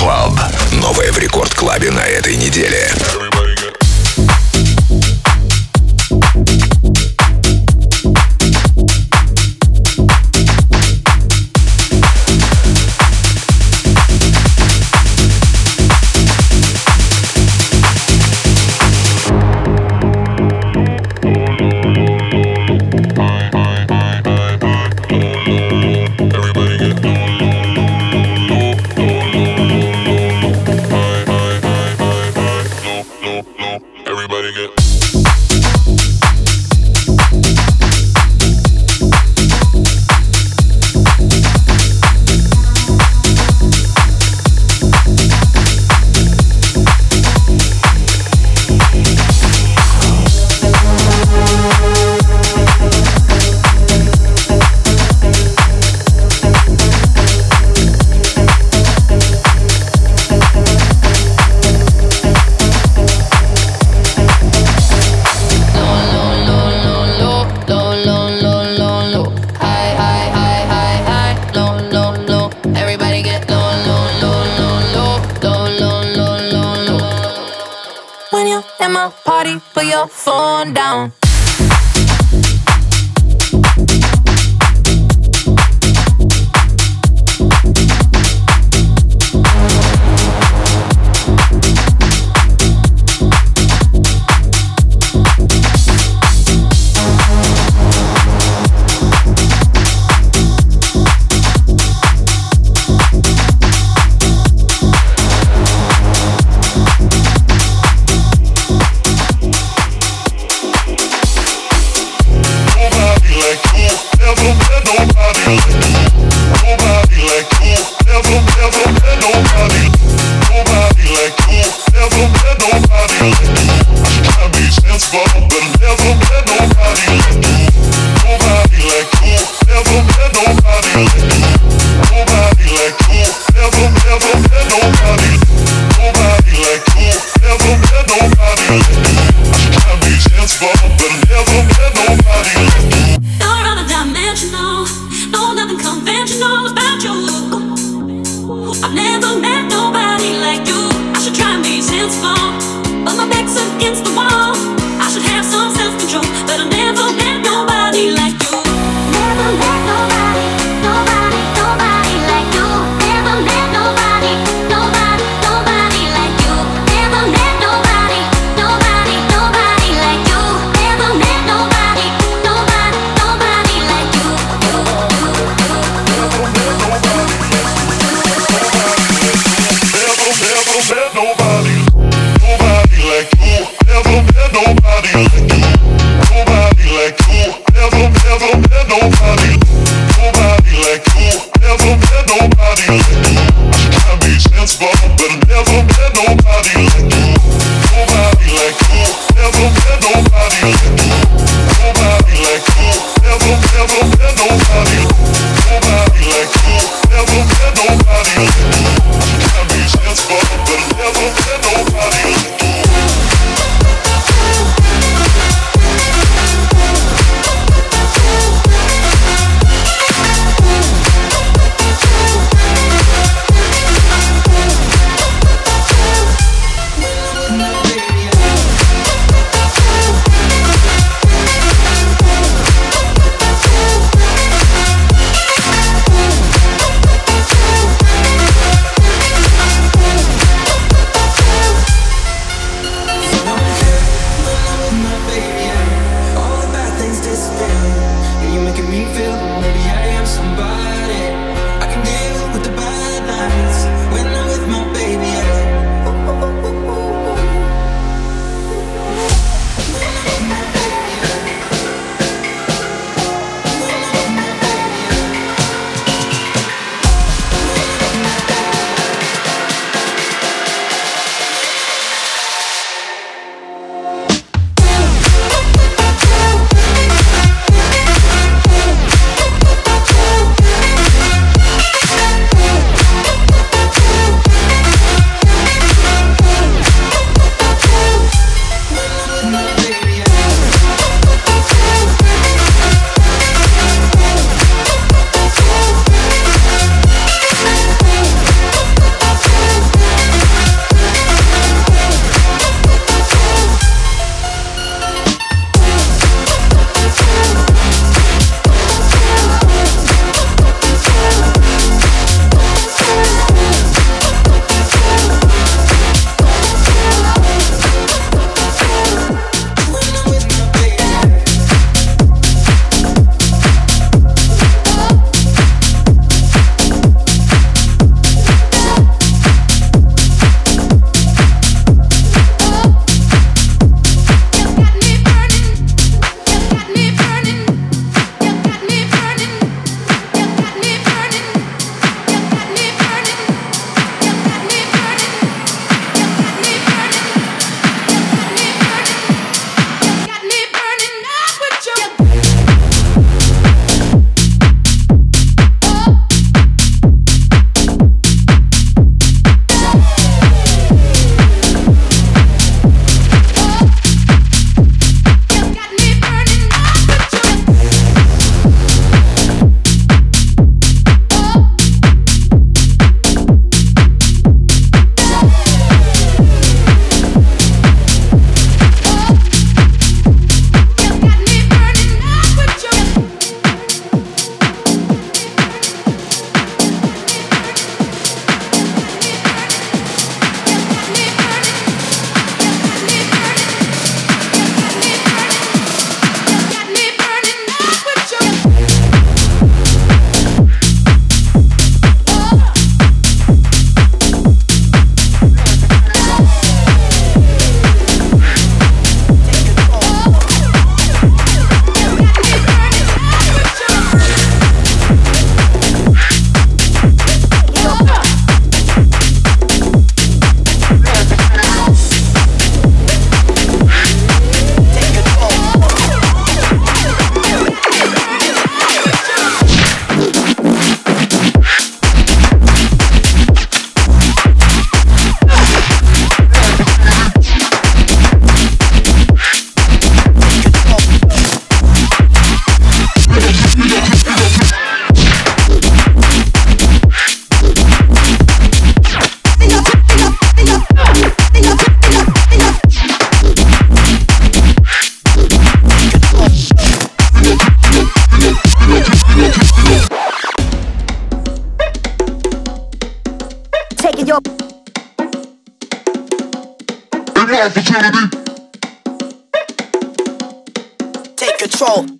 Club. Новое в Рекорд Клабе на этой неделе. party, put your phone down. control.